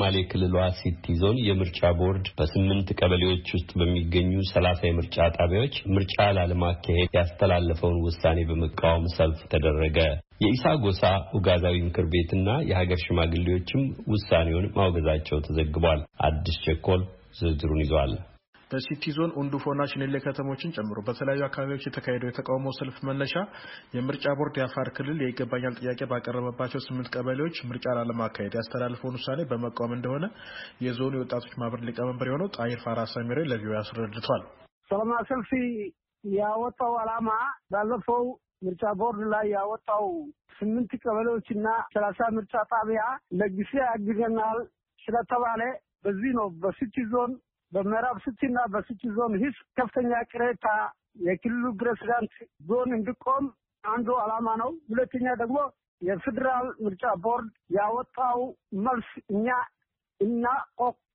በሶማሌ ክልሏ ሲቲ ዞን የምርጫ ቦርድ በስምንት ቀበሌዎች ውስጥ በሚገኙ ሰላሳ የምርጫ ጣቢያዎች ምርጫ ላለማካሄድ ያስተላለፈውን ውሳኔ በመቃወም ሰልፍ ተደረገ። የኢሳ ጎሳ ኡጋዛዊ ምክር ቤትና የሀገር ሽማግሌዎችም ውሳኔውን ማውገዛቸው ተዘግቧል። አዲስ ቸኮል ዝርዝሩን ይዟል። በሲቲ ዞን ኡንዱፎና ሽኔሌ ከተሞችን ጨምሮ በተለያዩ አካባቢዎች የተካሄደው የተቃውሞ ሰልፍ መነሻ የምርጫ ቦርድ የአፋር ክልል የይገባኛል ጥያቄ ባቀረበባቸው ስምንት ቀበሌዎች ምርጫ ላለማካሄድ ያስተላልፈውን ውሳኔ በመቃወም እንደሆነ የዞኑ የወጣቶች ማህበር ሊቀመንበር የሆነው ጣይር ፋራ ሰሚሬ ለቪኦኤ አስረድቷል። ሰላማ ሰልፊ ያወጣው ዓላማ ባለፈው ምርጫ ቦርድ ላይ ያወጣው ስምንት ቀበሌዎች እና ሰላሳ ምርጫ ጣቢያ ለጊዜ ያግዘናል ስለተባለ በዚህ ነው በሲቲ ዞን በምዕራብ እና በስቲ ዞን ሂስ ከፍተኛ ቅሬታ የክልሉ ፕሬዚዳንት ዞን እንዲቆም አንዱ ዓላማ ነው። ሁለተኛ ደግሞ የፌዴራል ምርጫ ቦርድ ያወጣው መልስ እኛ እና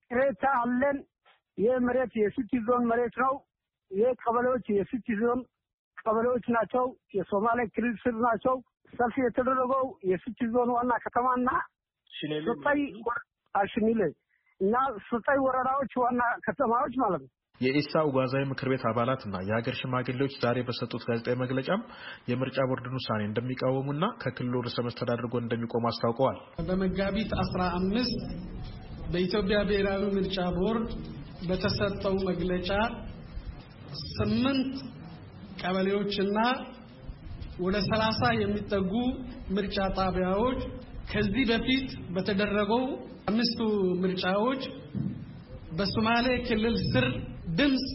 ቅሬታ አለን። ይህ መሬት የስቲ ዞን መሬት ነው። ይህ ቀበሌዎች የስቲ ዞን ቀበሌዎች ናቸው። የሶማሌ ክልል ስር ናቸው። ሰልፍ የተደረገው የስቲ ዞን ዋና ከተማና ሽኔሌ ሽኒሌ እና ዘጠኝ ወረዳዎች ዋና ከተማዎች ማለት ነው። የኢሳ ጓዛዊ ምክር ቤት አባላት እና የሀገር ሽማግሌዎች ዛሬ በሰጡት ጋዜጣዊ መግለጫም የምርጫ ቦርድን ውሳኔ እንደሚቃወሙ ና ከክልሉ ርዕሰ መስተዳድር ጎን እንደሚቆሙ አስታውቀዋል። በመጋቢት አስራ አምስት በኢትዮጵያ ብሔራዊ ምርጫ ቦርድ በተሰጠው መግለጫ ስምንት ቀበሌዎችና ወደ ሰላሳ የሚጠጉ ምርጫ ጣቢያዎች ከዚህ በፊት በተደረገው አምስቱ ምርጫዎች በሶማሌ ክልል ስር ድምፅ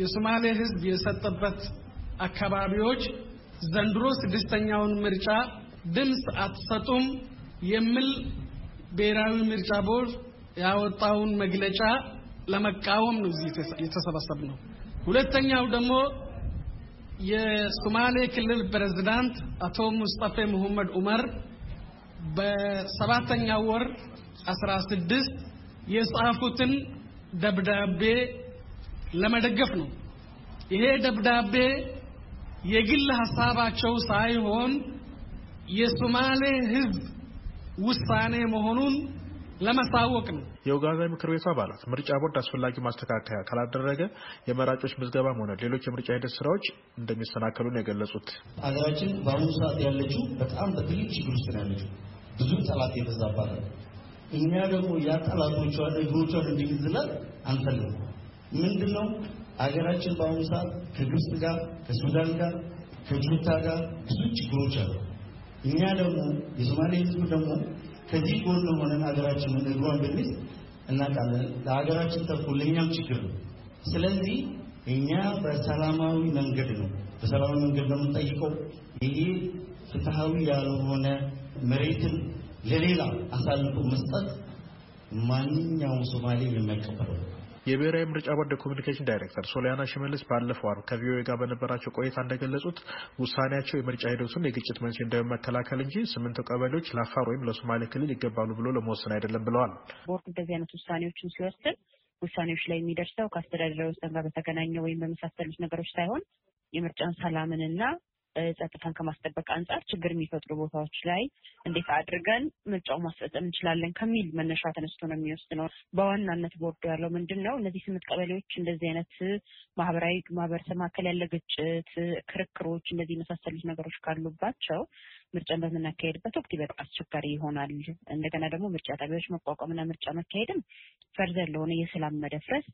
የሶማሌ ህዝብ የሰጠበት አካባቢዎች ዘንድሮ ስድስተኛውን ምርጫ ድምፅ አትሰጡም የሚል ብሔራዊ ምርጫ ቦርድ ያወጣውን መግለጫ ለመቃወም ነው እዚህ የተሰበሰብ ነው። ሁለተኛው ደግሞ የሶማሌ ክልል ፕሬዝዳንት አቶ ሙስጠፌ መሐመድ ዑመር በሰባተኛ ወር 16 የጻፉትን ደብዳቤ ለመደገፍ ነው። ይሄ ደብዳቤ የግል ሀሳባቸው ሳይሆን የሶማሌ ሕዝብ ውሳኔ መሆኑን ለማሳወቅ ነው። የኡጋዛ ምክር ቤቱ አባላት ምርጫ ቦርድ አስፈላጊ ማስተካከያ ካላደረገ የመራጮች ምዝገባም ሆነ ሌሎች የምርጫ ሂደት ስራዎች እንደሚሰናከሉ ነው የገለጹት። ሀገራችን በአሁኑ ሰዓት ያለችው በጣም በትልቅ ችግር ውስጥ ነው ያለችው። ብዙ ጠላት የበዛባት ነው። እኛ ደግሞ ያ ጠላቶቿን እግሮቿን እንዲግዝላት አንፈልግም። ምንድነው አገራችን በአሁኑ ሰዓት ከግብፅ ጋር፣ ከሱዳን ጋር፣ ከጁታ ጋር ብዙ ችግሮች አሉ። እኛ ደግሞ የሶማሌ ህዝብ ደግሞ ከዚህ ጎን ሆነን ሀገራችንን እግሯን ብንይዝ እናውቃለን። ለሀገራችን ተኩል ለእኛም ችግር ነው። ስለዚህ እኛ በሰላማዊ መንገድ ነው በሰላማዊ መንገድ ነው የምንጠይቀው። ይሄ ፍትሐዊ ያልሆነ መሬትን ለሌላ አሳልፎ መስጠት ማንኛውም ሶማሌ የማይቀበለው የብሔራዊ ምርጫ ቦርድ ኮሚኒኬሽን ዳይሬክተር ሶሊያና ሽመልስ ባለፈው አርብ ከቪኦኤ ጋር በነበራቸው ቆይታ እንደገለጹት ውሳኔያቸው የምርጫ ሂደቱን የግጭት መንስኤ እንደመከላከል እንጂ ስምንቱ ቀበሌዎች ለአፋር ወይም ለሶማሌ ክልል ይገባሉ ብሎ ለመወሰን አይደለም ብለዋል። ቦርድ እንደዚህ አይነት ውሳኔዎችን ሲወስን ውሳኔዎች ላይ የሚደርሰው ከአስተዳደራዊ ወሰን ጋር በተገናኘ ወይም በመሳሰሉት ነገሮች ሳይሆን የምርጫን ሰላምንና ጸጥታን ከማስጠበቅ አንጻር ችግር የሚፈጥሩ ቦታዎች ላይ እንዴት አድርገን ምርጫው ማስፈጸም እንችላለን ከሚል መነሻ ተነስቶ ነው ነው። በዋናነት ቦርዱ ያለው ምንድን ነው እነዚህ ስምንት ቀበሌዎች እንደዚህ አይነት ማህበራዊ ማህበረሰብ መካከል ያለ ግጭት፣ ክርክሮች እንደዚህ የመሳሰሉት ነገሮች ካሉባቸው ምርጫን በምናካሄድበት ወቅት ይበጣ አስቸጋሪ ይሆናል። እንደገና ደግሞ ምርጫ ጣቢያዎች መቋቋምና ምርጫ መካሄድም ፈርዘር ለሆነ የሰላም መደፍረስ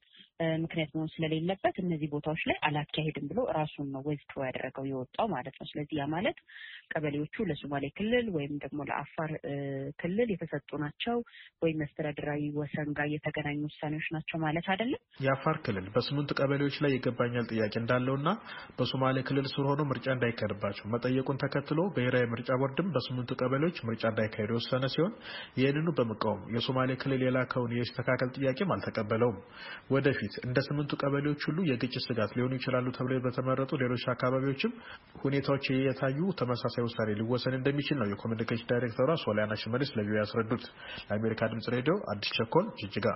ምክንያት መሆን ስለሌለበት እነዚህ ቦታዎች ላይ አላካሄድም ብሎ ራሱን ነው ወዝቶ ያደረገው የወጣው ማለት ነው። ስለዚህ ያ ማለት ቀበሌዎቹ ለሶማሌ ክልል ወይም ደግሞ ለአፋር ክልል የተሰጡ ናቸው ወይም መስተዳድራዊ ወሰን ጋር የተገናኙ ውሳኔዎች ናቸው ማለት አይደለም። የአፋር ክልል በስምንቱ ቀበሌዎች ላይ የገባኛል ጥያቄ እንዳለውና በሶማሌ ክልል ስር ሆኖ ምርጫ እንዳይካሄድባቸው መጠየቁን ተከትሎ ብሔራዊ ምርጫ ቦርድም በስምንቱ ቀበሌዎች ምርጫ እንዳይካሄድ የወሰነ ሲሆን ይህንኑ በመቃወም የሶማሌ ክልል የላከውን የስተካከል የማቅረብ ጥያቄም አልተቀበለውም። ወደፊት እንደ ስምንቱ ቀበሌዎች ሁሉ የግጭት ስጋት ሊሆኑ ይችላሉ ተብለው በተመረጡ ሌሎች አካባቢዎችም ሁኔታዎች የታዩ ተመሳሳይ ውሳኔ ሊወሰን እንደሚችል ነው የኮሚኒኬሽን ዳይሬክተሯ ሶሊያና ሽመልስ ለቪኦኤ ያስረዱት። ለአሜሪካ ድምጽ ሬዲዮ አዲስ ቸኮል ጅጅጋ